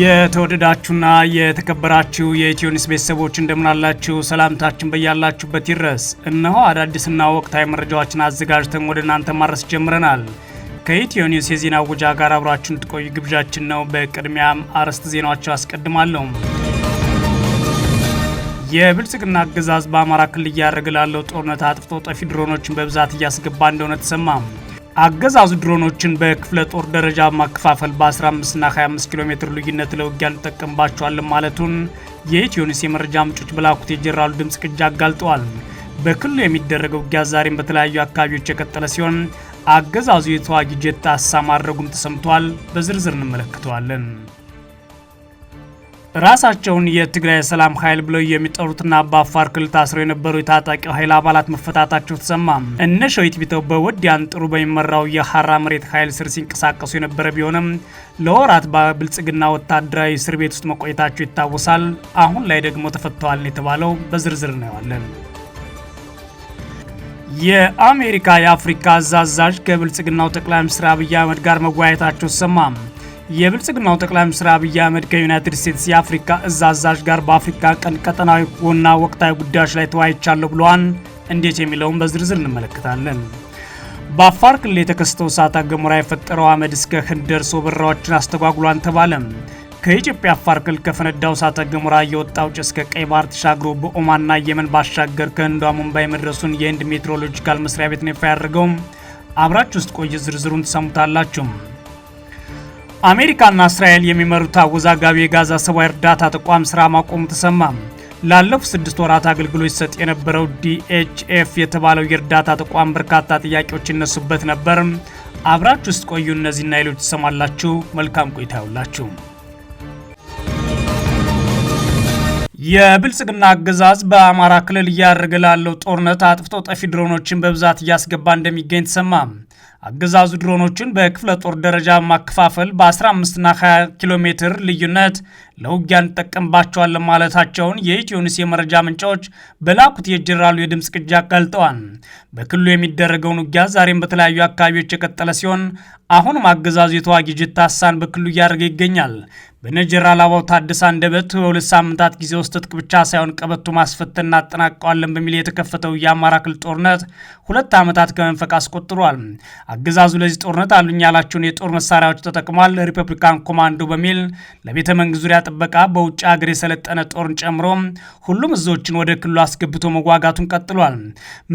የተወደዳችሁና የተከበራችሁ የኢትዮኒስ ቤተሰቦች እንደምናላችሁ ሰላምታችን በያላችሁበት ይድረስ። እነሆ አዳዲስና ወቅታዊ መረጃዎችን አዘጋጅተን ወደ እናንተ ማድረስ ጀምረናል። ከኢትዮ ኒውስ የዜና ውጃ ጋር አብራችሁ እንድትቆዩ ግብዣችን ነው። በቅድሚያም አርዕስተ ዜናዎችን አስቀድማለሁ። የብልጽግና አገዛዝ በአማራ ክልል እያደረገ ላለው ጦርነት አጥፍቶ ጠፊ ድሮኖችን በብዛት እያስገባ እንደሆነ ተሰማም። አገዛዙ ድሮኖችን በክፍለ ጦር ደረጃ ማከፋፈል በ15ና 25 ኪሎ ሜትር ልዩነት ለውጊያ እንጠቀምባቸዋለን ማለቱን የኢትዮኒስ የመረጃ ምንጮች በላኩት የጀራሉ ድምፅ ቅጃ አጋልጠዋል። በክልሉ የሚደረገው ውጊያ ዛሬም በተለያዩ አካባቢዎች የቀጠለ ሲሆን አገዛዙ የተዋጊ ጀት አሳ ማድረጉም ተሰምቷል። በዝርዝር እንመለከተዋለን። ራሳቸውን የትግራይ ሰላም ኃይል ብለው የሚጠሩትና በአፋር ክልል ታስረው የነበሩ የታጣቂ ኃይል አባላት መፈታታቸው ተሰማ። እነ ሸዊት ቢተው በወዲያን ጥሩ በሚመራው የሀራ መሬት ኃይል ስር ሲንቀሳቀሱ የነበረ ቢሆንም ለወራት በብልጽግና ወታደራዊ እስር ቤት ውስጥ መቆየታቸው ይታወሳል። አሁን ላይ ደግሞ ተፈተዋል የተባለው በዝርዝር እናየዋለን። የአሜሪካ የአፍሪካ አዛዛዥ ከብልጽግናው ጠቅላይ ሚኒስትር አብይ አህመድ ጋር መወያየታቸው ተሰማ። የብልጽግናው ጠቅላይ ሚኒስትር አብይ አህመድ ከዩናይትድ ስቴትስ የአፍሪካ እዝ አዛዥ ጋር በአፍሪካ ቀንድ ቀጠናዊና ወቅታዊ ጉዳዮች ላይ ተወያይቻለሁ ብለዋል። እንዴት የሚለውን በዝርዝር እንመለከታለን። በአፋር ክልል የተከሰተው እሳተ ገሞራ የፈጠረው አመድ እስከ ህንድ ደርሶ በረራዎችን አስተጓጉሏን ተባለ። ከኢትዮጵያ አፋር ክልል ከፈነዳው እሳተ ገሞራ የወጣው ጭስ ከቀይ ባህር ተሻግሮ በኦማንና የመን ባሻገር ከህንዷ ሙምባይ መድረሱን የህንድ ሜትሮሎጂካል መስሪያ ቤት ነው ይፋ ያደርገው። አብራች ውስጥ ቆየ፣ ዝርዝሩን ትሰሙታላችሁ። አሜሪካና እስራኤል የሚመሩት አወዛጋቢ የጋዛ ሰብአዊ እርዳታ ተቋም ስራ ማቆሙ ተሰማ። ላለፉት ስድስት ወራት አገልግሎት ሲሰጥ የነበረው ዲኤችኤፍ የተባለው የእርዳታ ተቋም በርካታ ጥያቄዎች ይነሱበት ነበር። አብራችሁ ውስጥ ቆዩ። እነዚህና ሌሎች ትሰማላችሁ። መልካም ቆይታ ያውላችሁ። የብልጽግና አገዛዝ በአማራ ክልል እያደረገ ላለው ጦርነት አጥፍቶ ጠፊ ድሮኖችን በብዛት እያስገባ እንደሚገኝ ተሰማ። አገዛዙ ድሮኖችን በክፍለ ጦር ደረጃ ማከፋፈል በ15ና 20 ኪሎ ሜትር ልዩነት ለውጊያ እንጠቀምባቸዋለን ማለታቸውን የኢትዮኒስ የመረጃ ምንጮች በላኩት የጄኔራሉ የድምፅ ቅጃ ገልጠዋል። በክልሉ የሚደረገውን ውጊያ ዛሬም በተለያዩ አካባቢዎች የቀጠለ ሲሆን አሁንም አገዛዙ የተዋጊ ጅት ታሳን በክልሉ እያደረገ ይገኛል። በጀነራል አበባው ታደሰ አንደበት በሁለት ሳምንታት ጊዜ ውስጥ ትጥቅ ብቻ ሳይሆን ቀበቶ ማስፈተን እናጠናቀዋለን በሚል የተከፈተው የአማራ ክልል ጦርነት ሁለት ዓመታት ከመንፈቅ አስቆጥሯል። አገዛዙ ለዚህ ጦርነት አሉኝ ያላቸውን የጦር መሳሪያዎች ተጠቅሟል። ሪፐብሊካን ኮማንዶ በሚል ለቤተ መንግስት ዙሪያ ጥበቃ በውጭ ሀገር የሰለጠነ ጦርን ጨምሮ ሁሉም እዞችን ወደ ክልሉ አስገብቶ መዋጋቱን ቀጥሏል።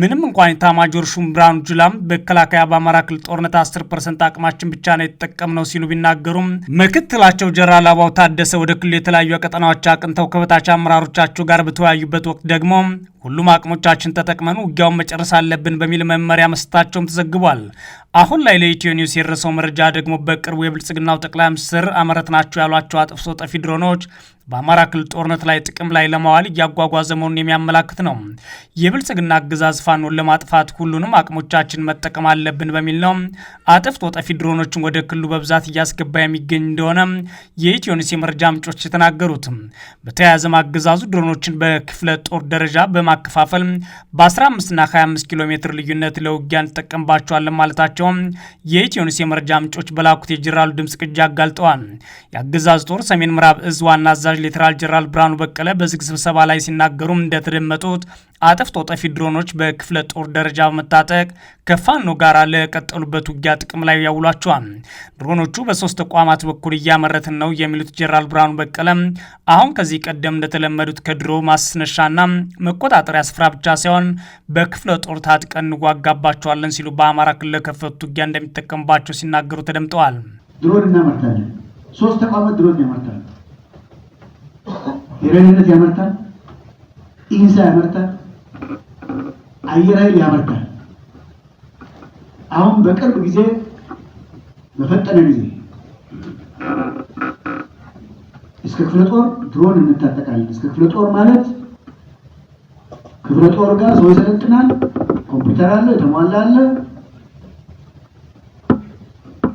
ምንም እንኳን ኢታማጆር ሹም ብርሃኑ ጁላም መከላከያ በአማራ ክልል ጦርነት 10 ፐርሰንት አቅማችን ብቻ ነው የተጠቀምነው ሲሉ ቢናገሩም ምክትላቸው ጀነራል አበባው ታደሰ ወደ ክልሉ የተለያዩ ቀጠናዎች አቅንተው ከበታች አመራሮቻቸው ጋር በተወያዩበት ወቅት ደግሞ ሁሉም አቅሞቻችን ተጠቅመን ውጊያውን መጨረስ አለብን በሚል መመሪያ መስጠታቸውም ተዘግቧል። አሁን ላይ ለኢትዮ ኒውስ የደረሰው መረጃ ደግሞ በቅርቡ የብልጽግናው ጠቅላይ ሚኒስትር አመረት ናቸው ያሏቸው አጥፍቶ ጠፊ ድሮኖች በአማራ ክልል ጦርነት ላይ ጥቅም ላይ ለማዋል እያጓጓዘ መሆኑን የሚያመላክት ነው። የብልጽግና አገዛዝ ፋኖን ለማጥፋት ሁሉንም አቅሞቻችን መጠቀም አለብን በሚል ነው አጥፍቶ ጠፊ ድሮኖችን ወደ ክልሉ በብዛት እያስገባ የሚገኝ እንደሆነ የኢትዮ ኒውስ የመረጃ ምንጮች የተናገሩት። በተያያዘም አገዛዙ ድሮኖችን በክፍለ ጦር ደረጃ በማከፋፈል በ15ና 25 ኪሎ ሜትር ልዩነት ለውጊያ እንጠቀምባቸዋለን ማለታቸው መሆናቸውም የኢትዮኒስ የመረጃ ምንጮች በላኩት የጀራሉ ድምፅ ቅጃ አጋልጠዋል። የአገዛዝ ጦር ሰሜን ምዕራብ እዝ ዋና አዛዥ ሌተናል ጀራል ብርሃኑ በቀለ በዝግ ስብሰባ ላይ ሲናገሩ እንደተደመጡት አጥፍቶ ጠፊ ድሮኖች በክፍለ ጦር ደረጃ በመታጠቅ ከፋኖ ጋር ለቀጠሉበት ውጊያ ጥቅም ላይ ያውሏቸዋል። ድሮኖቹ በሶስት ተቋማት በኩል እያመረትን ነው የሚሉት ጀነራል ብርሃኑ በቀለም አሁን ከዚህ ቀደም እንደተለመዱት ከድሮ ማስነሻና መቆጣጠሪያ ስፍራ ብቻ ሳይሆን በክፍለ ጦር ታጥቀን እንዋጋባቸዋለን ሲሉ በአማራ ክልል ከፈቱት ውጊያ እንደሚጠቀሙባቸው ሲናገሩ ተደምጠዋል። ድሮን እናመርታለን። ሶስት ተቋማት ድሮን ያመርታል። ሄሮይንነት ያመርታል። ኢንሳ ያመርታል አየር ኃይል ያበርካል አሁን በቅርብ ጊዜ በፈጠነ ጊዜ እስከ ክፍለ ጦር ድሮን እንታጠቃለን። እስከ ክፍለ ጦር ማለት ክፍለ ጦር ጋር ሰው ይሰለጥናል። ኮምፒውተር አለ፣ የተሟላ አለ።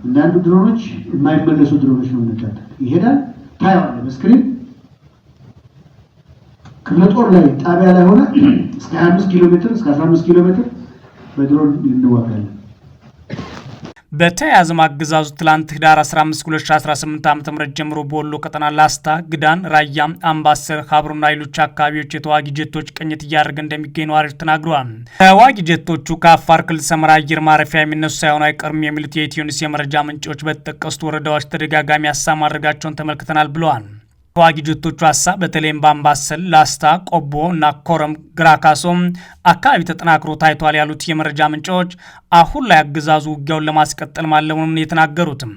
አንዳንዱ ድሮኖች የማይመለሱ ድሮኖች ነው። እንታጠቅ ይሄዳል፣ ታየዋለህ በስክሪን ክፍለ ጦር ላይ ጣቢያ ላይ ሆነ እስከ 25 ኪሎ ሜትር እስከ 15 ኪሎ ሜትር በድሮን እንዋጋለን። በተያያዘም አገዛዙ ትላንት ህዳር 15 2018 ዓ ም ጀምሮ በወሎ ቀጠና ላስታ፣ ግዳን፣ ራያ፣ አምባሰል፣ ሀብሮና ሌሎች አካባቢዎች የተዋጊ ጀቶች ቅኝት እያደረገ እንደሚገኝ ነዋሪዎች ተናግረዋል። ተዋጊ ጀቶቹ ከአፋር ክልል ሰመራ አየር ማረፊያ የሚነሱ ሳይሆኑ አይቀርም የሚሉት የኢትዮኒስ የመረጃ ምንጮች በተጠቀሱት ወረዳዎች ተደጋጋሚ ሀሳብ ማድረጋቸውን ተመልክተናል ብለዋል። ተዋጊ ጀቶቹ ሀሳብ በተለይም በአምባሰል፣ ላስታ፣ ቆቦ እና ኮረም ግራካሶም አካባቢ ተጠናክሮ ታይቷል ያሉት የመረጃ ምንጮች አሁን ላይ አገዛዙ ውጊያውን ለማስቀጠል ማለሙን የተናገሩትም።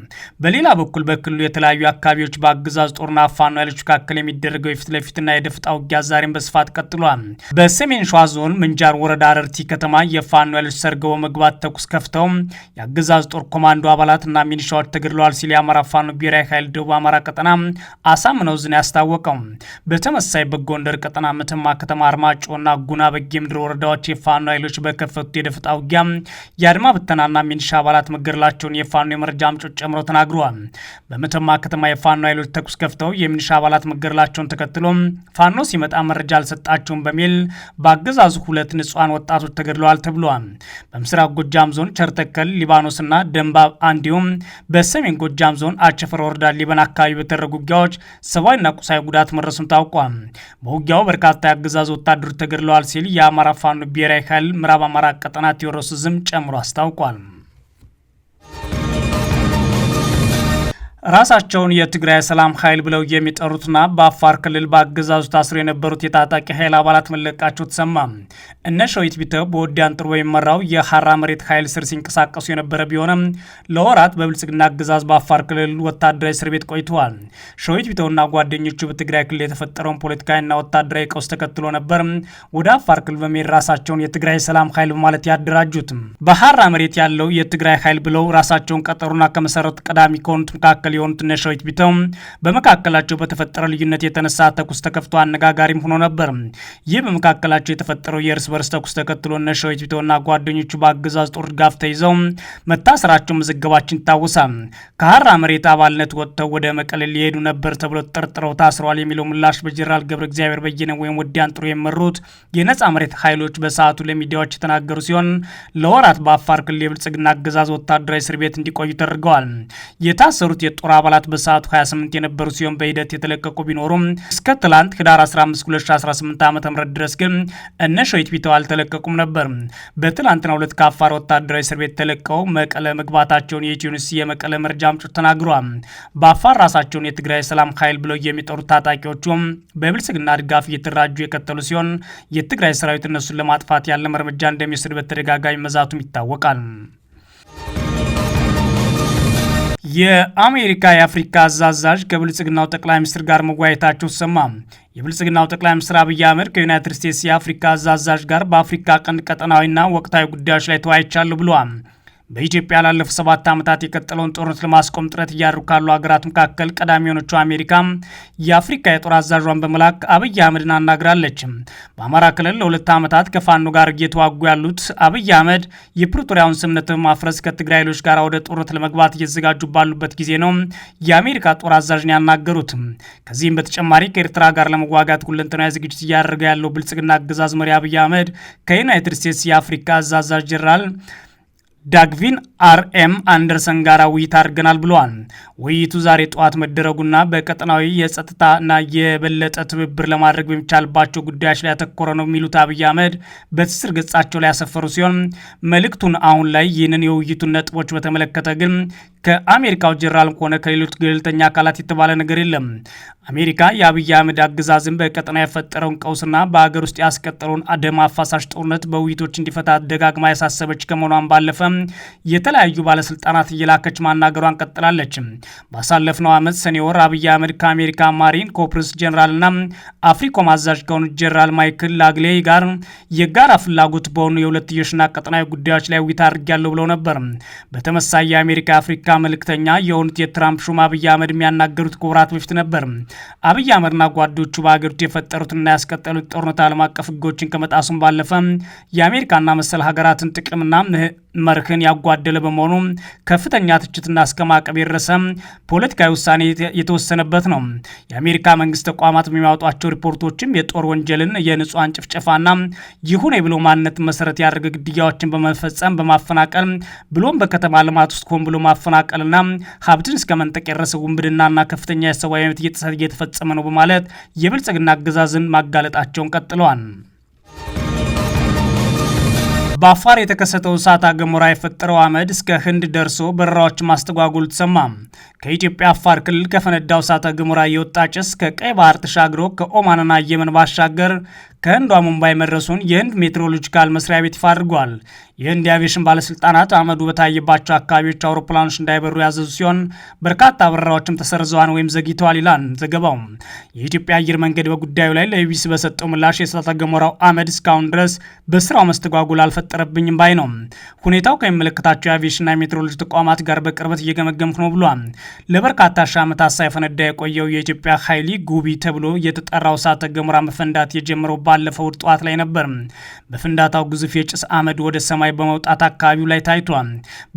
በሌላ በኩል በክልሉ የተለያዩ አካባቢዎች በአገዛዝ ጦርና ፋኖ ኃይሎች መካከል የሚደረገው የፊት ለፊትና የደፍጣ ውጊያ ዛሬም በስፋት ቀጥሏል። በሰሜን ሸዋ ዞን ምንጃር ወረዳ አረርቲ ከተማ የፋኖ ኃይሎች ሰርገው በመግባት ተኩስ ከፍተው የአገዛዝ ጦር ኮማንዶ አባላትና ሚኒሻዎች ተገድለዋል ሲል የአማራ ፋኖ ብሔራዊ ኃይል ደቡብ አማራ ቀጠና አሳምነው መክፈቱን ያስታወቀው። በተመሳይ በጎንደር ቀጠና መተማ ከተማ አርማጮና ጉና በጌምድር ወረዳዎች የፋኖ ኃይሎች በከፈቱት የደፈጣ ውጊያ የአድማ ብተናና ሚኒሻ አባላት መገደላቸውን የፋኖ የመረጃ ምንጮች ጨምረው ተናግረዋል። በመተማ ከተማ የፋኖ ኃይሎች ተኩስ ከፍተው የሚኒሻ አባላት መገደላቸውን ተከትሎ ፋኖ ሲመጣ መረጃ አልሰጣቸውም በሚል በአገዛዙ ሁለት ንጹሐን ወጣቶች ተገድለዋል ተብለዋል። በምስራቅ ጎጃም ዞን ቸርተከል ሊባኖስና ደንባብ እንዲሁም በሰሜን ጎጃም ዞን አቸፈር ወረዳ ሊበን አካባቢ በተደረጉ ውጊያዎች ሰብአዊ የአካልና ቁሳዊ ጉዳት መድረሱም ታውቋል። በውጊያው በርካታ የአገዛዝ ወታደሮች ተገድለዋል ሲል የአማራ ፋኖ ብሔራዊ ኃይል ምዕራብ አማራ ቀጠና ቴዎድሮስ ዝም ጨምሮ አስታውቋል። ራሳቸውን የትግራይ ሰላም ኃይል ብለው የሚጠሩትና በአፋር ክልል በአገዛዙ ታስሮ የነበሩት የታጣቂ ኃይል አባላት መለቃቸው ተሰማ። እነ ሸዊት ቢተ በወዲያን ጥሩ የሚመራው የሀራ መሬት ኃይል ስር ሲንቀሳቀሱ የነበረ ቢሆንም ለወራት በብልጽግና አገዛዝ በአፋር ክልል ወታደራዊ እስር ቤት ቆይተዋል። ሸዊት ቢተውና ጓደኞቹ በትግራይ ክልል የተፈጠረውን ፖለቲካዊና ወታደራዊ ቀውስ ተከትሎ ነበር ወደ አፋር ክልል በመሄድ ራሳቸውን የትግራይ ሰላም ኃይል በማለት ያደራጁት። በሀራ መሬት ያለው የትግራይ ኃይል ብለው ራሳቸውን ቀጠሩና ከመሰረቱ ቀዳሚ ከሆኑት መካከል መካከል የሆኑት ቢተው በመካከላቸው በተፈጠረ ልዩነት የተነሳ ተኩስ ተከፍቶ አነጋጋሪም ሆኖ ነበር። ይህ በመካከላቸው የተፈጠረው የእርስ በርስ ተኩስ ተከትሎ እነ ቢተውና ጓደኞቹ በአገዛዝ ጦር ድጋፍ ተይዘው መታሰራቸው መዘገባችን ይታወሳል። ከሀራ መሬት አባልነት ወጥተው ወደ መቀሌ ሊሄዱ ነበር ተብሎ ተጠርጥረው ታስረዋል የሚለው ምላሽ በጀኔራል ገብረ እግዚአብሔር በየነ ወይም ወዲያን ጥሩ የመሩት የነጻ መሬት ኃይሎች በሰዓቱ ለሚዲያዎች የተናገሩ ሲሆን ለወራት በአፋር ክልል የብልጽግና አገዛዝ ወታደራዊ እስር ቤት እንዲቆዩ ተደርገዋል። የታሰሩት ጦር አባላት በሰዓቱ 28 የነበሩ ሲሆን በሂደት የተለቀቁ ቢኖሩም እስከ ትላንት ህዳር 15 2018 ዓ ም ድረስ ግን እነ ሸዊት ቢተው አልተለቀቁም ነበር። በትላንትና ሁለት ከአፋር ወታደራዊ እስር ቤት ተለቀው መቀለ መግባታቸውን የኢትዮኒስ የመቀለ መረጃ ምንጮች ተናግረዋል። በአፋር ራሳቸውን የትግራይ ሰላም ኃይል ብለው የሚጠሩት ታጣቂዎቹም በብልጽግና ድጋፍ እየተደራጁ የቀጠሉ ሲሆን የትግራይ ሰራዊት እነሱን ለማጥፋት ያለም እርምጃ እንደሚወስድ በተደጋጋሚ መዛቱም ይታወቃል። የአሜሪካ የአፍሪካ አዛዛዥ ከብልጽግናው ጠቅላይ ሚኒስትር ጋር መወያየታቸው ሰማ። የብልጽግናው ጠቅላይ ሚኒስትር አብይ አህመድ ከዩናይትድ ስቴትስ የአፍሪካ አዛዛዥ ጋር በአፍሪካ ቀንድ ቀጠናዊና ወቅታዊ ጉዳዮች ላይ ተወያይቻለሁ ብለዋል። በኢትዮጵያ ላለፉት ሰባት ዓመታት የቀጠለውን ጦርነት ለማስቆም ጥረት እያደረጉ ካሉ ሀገራት መካከል ቀዳሚ የሆነችው አሜሪካ የአፍሪካ የጦር አዛዧን በመላክ አብይ አህመድን አናግራለች። በአማራ ክልል ለሁለት ዓመታት ከፋኖ ጋር እየተዋጉ ያሉት አብይ አህመድ የፕሪቶሪያውን ስምምነት በማፍረስ ከትግራይ ኃይሎች ጋር ወደ ጦርነት ለመግባት እየተዘጋጁ ባሉበት ጊዜ ነው የአሜሪካ ጦር አዛዥን ያናገሩት። ከዚህም በተጨማሪ ከኤርትራ ጋር ለመዋጋት ሁለንተናዊ ዝግጅት እያደረገ ያለው ብልጽግና አገዛዝ መሪ አብይ አህመድ ከዩናይትድ ስቴትስ የአፍሪካ አዛዥ ጀነራል ዳግቪን አርኤም አንደርሰን ጋር ውይይት አድርገናል ብለዋል። ውይይቱ ዛሬ ጠዋት መደረጉና በቀጠናዊ የጸጥታና የበለጠ ትብብር ለማድረግ በሚቻልባቸው ጉዳዮች ላይ ያተኮረ ነው የሚሉት አብይ አህመድ በትስር ገጻቸው ላይ ያሰፈሩ ሲሆን መልእክቱን አሁን ላይ ይህንን የውይይቱን ነጥቦች በተመለከተ ግን ከአሜሪካው ጀነራልም ሆነ ከሌሎች ገለልተኛ አካላት የተባለ ነገር የለም። አሜሪካ የአብይ አህመድ አገዛዝን በቀጠና የፈጠረውን ቀውስና በሀገር ውስጥ ያስቀጠለውን ደም አፋሳሽ ጦርነት በውይይቶች እንዲፈታ ደጋግማ ያሳሰበች ከመሆኗን ባለፈ የተለያዩ ባለስልጣናት እየላከች ማናገሯን ቀጥላለች። ባሳለፍነው ዓመት ሰኔ ወር አብይ አህመድ ከአሜሪካ ማሪን ኮፕርስ ጀነራልና አፍሪኮም አዛዥ ከሆኑት ጀነራል ማይክል ላግሌይ ጋር የጋራ ፍላጎት በሆኑ የሁለትዮሽና ቀጠናዊ ጉዳዮች ላይ ውይይት አድርጊያለሁ ብለው ነበር። በተመሳይ የአሜሪካ አፍሪካ የአሜሪካ መልእክተኛ የሆኑት የትራምፕ ሹም አብይ አህመድ የሚያናገሩት ከወራት በፊት ነበር። አብይ አህመድና ጓዶቹ በሀገሪቱ የፈጠሩትና ያስቀጠሉት ጦርነት ዓለም አቀፍ ህጎችን ከመጣሱም ባለፈ የአሜሪካና መሰል ሀገራትን ጥቅምና መርህን ያጓደለ በመሆኑ ከፍተኛ ትችትና እስከ ማዕቀብ የደረሰ ፖለቲካዊ ውሳኔ የተወሰነበት ነው። የአሜሪካ መንግስት ተቋማት የሚያወጧቸው ሪፖርቶችም የጦር ወንጀልን፣ የንጹሐን ጭፍጨፋና ይሁን ብሎ ማንነት መሰረት ያደረገ ግድያዎችን በመፈጸም በማፈናቀል ብሎም በከተማ ልማት ውስጥ ሆን ብሎ ማፈናቀልና ሀብትን እስከ መንጠቅ የደረሰ ውንብድናና ከፍተኛ የሰብአዊ መብት እየተፈጸመ ነው በማለት የብልጽግና አገዛዝን ማጋለጣቸውን ቀጥለዋል። በአፋር የተከሰተው እሳተ ገሞራ የፈጠረው አመድ እስከ ህንድ ደርሶ በረራዎች ማስተጓጎሉ ተሰማ። ከኢትዮጵያ አፋር ክልል ከፈነዳው እሳተ ገሞራ የወጣ ጭስ ከቀይ ባህር ተሻግሮ ከኦማንና የመን ባሻገር ከህንዷ ሙምባይ መድረሱን የህንድ ሜትሮሎጂካል መስሪያ ቤት ይፋ አድርጓል። የህንድ የአቪዬሽን ባለስልጣናት አመዱ በታየባቸው አካባቢዎች አውሮፕላኖች እንዳይበሩ ያዘዙ ሲሆን በርካታ በረራዎችም ተሰርዘዋን ወይም ዘግይተዋል ይላል ዘገባው። የኢትዮጵያ አየር መንገድ በጉዳዩ ላይ ለቢቢሲ በሰጠው ምላሽ የእሳተ ገሞራው አመድ እስካሁን ድረስ በስራው መስተጓጉል አልፈጠረብኝም ባይ ነው። ሁኔታው ከሚመለከታቸው የአቪሽንና የሜትሮሎጂ ተቋማት ጋር በቅርበት እየገመገምኩ ነው ብሏል። ለበርካታ ሺህ ዓመታት ሳይፈነዳ የቆየው የኢትዮጵያ ኃይሊ ጉቢ ተብሎ የተጠራው እሳተ ገሞራ መፈንዳት የጀመረው ባለፈው እሁድ ጠዋት ላይ ነበር። በፍንዳታው ግዙፍ የጭስ አመድ ወደ ሰማይ በመውጣት አካባቢው ላይ ታይቷል።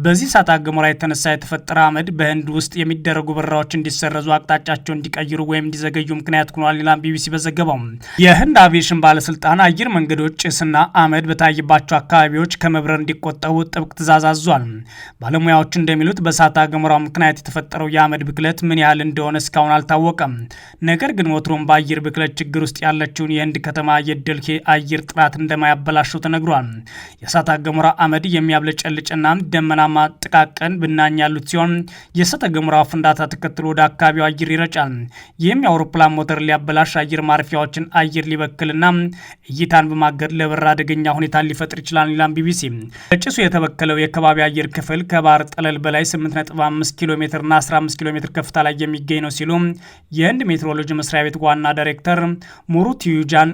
በዚህ እሳተ ገሞራ የተነሳ የተፈጠረ አመድ በህንድ ውስጥ የሚደረጉ በረራዎች እንዲሰረዙ፣ አቅጣጫቸው እንዲቀይሩ ወይም እንዲዘገዩ ምክንያት ሆኗል ይላል ቢቢሲ በዘገባው። የህንድ አቪዬሽን ባለስልጣን አየር መንገዶች ጭስና አመድ በታይባቸው አካባቢዎች ከመብረር እንዲቆጠቡ ጥብቅ ትዕዛዝ አዟል። ባለሙያዎች እንደሚሉት በእሳተ ገሞራው ምክንያት የተፈጠረው የአመድ ብክለት ምን ያህል እንደሆነ እስካሁን አልታወቀም። ነገር ግን ወትሮም በአየር ብክለት ችግር ውስጥ ያለችውን የህንድ ከተማ የደልኬ አየር ጥራት እንደማያበላሸው ተነግሯል። የእሳተ ገሞራ አመድ የሚያብለጨልጭና ደመናማ ጥቃቅን ብናኝ ያሉት ሲሆን የእሳተ ገሞራ ፍንዳታ ተከትሎ ወደ አካባቢው አየር ይረጫል። ይህም የአውሮፕላን ሞተር ሊያበላሽ፣ አየር ማረፊያዎችን አየር ሊበክልና እይታን በማገድ ለበረራ አደገኛ ሁኔታ ሊፈጥር ይችላል ይላል ቢቢሲ። ጭሱ የተበከለው የከባቢ አየር ክፍል ከባህር ጠለል በላይ 8.5 ኪሎ ሜትርና 15 ኪሎ ሜትር ከፍታ ላይ የሚገኝ ነው ሲሉ የህንድ ሜትሮሎጂ መስሪያ ቤት ዋና ዳይሬክተር ሙሩቲዩጃን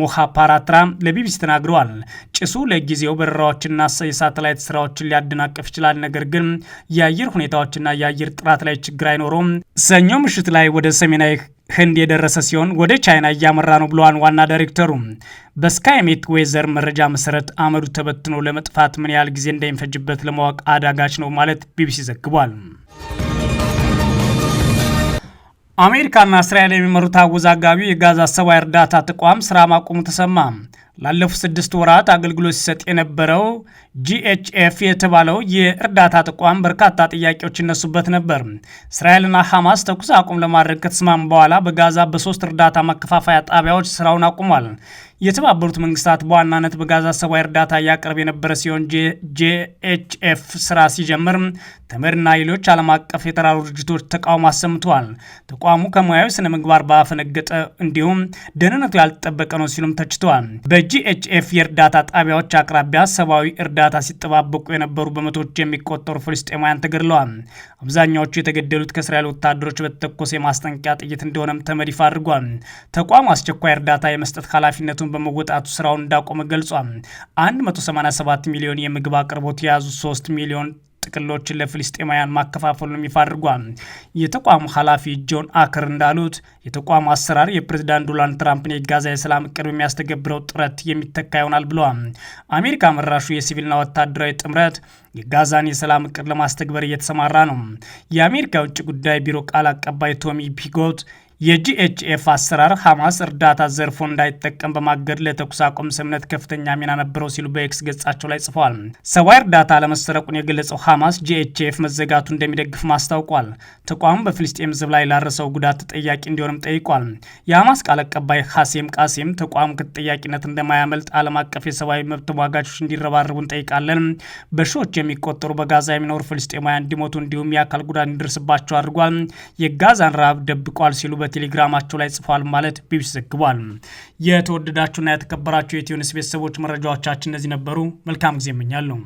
ሙሃፓራትራ ለቢቢሲ ተናግረዋል። ጭሱ ለጊዜው በረራዎችና የሳተላይት ስራዎችን ሊያደናቀፍ ይችላል፣ ነገር ግን የአየር ሁኔታዎችና የአየር ጥራት ላይ ችግር አይኖረውም። ሰኞ ምሽት ላይ ወደ ሰሜናዊ ህንድ የደረሰ ሲሆን ወደ ቻይና እያመራ ነው ብለዋል ዋና ዳይሬክተሩ። በስካይሜት ዌዘር መረጃ መሰረት አመዱ ተበትኖ ለመጥፋት ምን ያህል ጊዜ እንደሚፈጅበት ለማወቅ አዳጋች ነው ማለት ቢቢሲ ዘግቧል። አሜሪካና እስራኤል የሚመሩት አወዛጋቢው የጋዛ ሰብአዊ እርዳታ ተቋም ስራ ማቆሙ ተሰማ። ላለፉት ስድስት ወራት አገልግሎት ሲሰጥ የነበረው ጂኤችኤፍ የተባለው የእርዳታ ተቋም በርካታ ጥያቄዎች ይነሱበት ነበር። እስራኤልና ሐማስ ተኩስ አቁም ለማድረግ ከተስማሙ በኋላ በጋዛ በሶስት እርዳታ ማከፋፈያ ጣቢያዎች ስራውን አቁሟል። የተባበሩት መንግስታት በዋናነት በጋዛ ሰብአዊ እርዳታ እያቀረበ የነበረ ሲሆን ጄኤችኤፍ ስራ ሲጀምር ተመድና ሌሎች ዓለም አቀፍ የተራሩ ድርጅቶች ተቃውሞ አሰምተዋል። ተቋሙ ከሙያዊ ስነ ምግባር ባፈነገጠ እንዲሁም ደህንነቱ ያልተጠበቀ ነው ሲሉም ተችተዋል። በጂኤችኤፍ የእርዳታ ጣቢያዎች አቅራቢያ ሰብአዊ እርዳታ ሲጠባበቁ የነበሩ በመቶዎች የሚቆጠሩ ፍልስጤማውያን ተገድለዋል። አብዛኛዎቹ የተገደሉት ከእስራኤል ወታደሮች በተተኮሰ የማስጠንቀቂያ ጥይት እንደሆነም ተመድ ይፋ አድርጓል። ተቋሙ አስቸኳይ እርዳታ የመስጠት ኃላፊነቱን ኃላፊነቱን በመወጣቱ ስራውን እንዳቆመ ገልጿል። 187 ሚሊዮን የምግብ አቅርቦት የያዙ 3 ሚሊዮን ጥቅሎችን ለፍልስጤማውያን ማከፋፈሉ ይፋ አድርጓል። የተቋሙ ኃላፊ ጆን አከር እንዳሉት የተቋሙ አሰራር የፕሬዚዳንት ዶናልድ ትራምፕን የጋዛ የሰላም እቅድ የሚያስተገብረው ጥረት የሚተካ ይሆናል ብለዋል። አሜሪካ መራሹ የሲቪልና ወታደራዊ ጥምረት የጋዛን የሰላም እቅድ ለማስተግበር እየተሰማራ ነው። የአሜሪካ የውጭ ጉዳይ ቢሮ ቃል አቀባይ ቶሚ ፒጎት የጂኤችኤፍ አሰራር ሐማስ እርዳታ ዘርፎ እንዳይጠቀም በማገድ ለተኩስ አቁም ስምነት ከፍተኛ ሚና ነበረው ሲሉ በኤክስ ገጻቸው ላይ ጽፈዋል። ሰብአዊ እርዳታ ለመሰረቁን የገለጸው ሐማስ ጂኤችኤፍ መዘጋቱ እንደሚደግፍ ማስታውቋል። ተቋሙ በፍልስጤም ዝብ ላይ ላረሰው ጉዳት ተጠያቂ እንዲሆንም ጠይቋል። የሐማስ ቃል አቀባይ ሐሴም ቃሴም ተቋሙ ከተጠያቂነት እንደማያመልጥ ዓለም አቀፍ የሰብአዊ መብት ተሟጋቾች እንዲረባረቡ እንጠይቃለን። በሺዎች የሚቆጠሩ በጋዛ የሚኖሩ ፍልስጤማውያን እንዲሞቱ እንዲሁም የአካል ጉዳት እንዲደርስባቸው አድርጓል። የጋዛን ረሃብ ደብቋል ሲሉ በቴሌግራማቸው ላይ ጽፏል ማለት ቢቢሲ ዘግቧል። የተወደዳችሁና የተከበራችሁ የኢትዮ ኒውስ ቤተሰቦች መረጃዎቻችን እነዚህ ነበሩ። መልካም ጊዜ እመኛለሁ።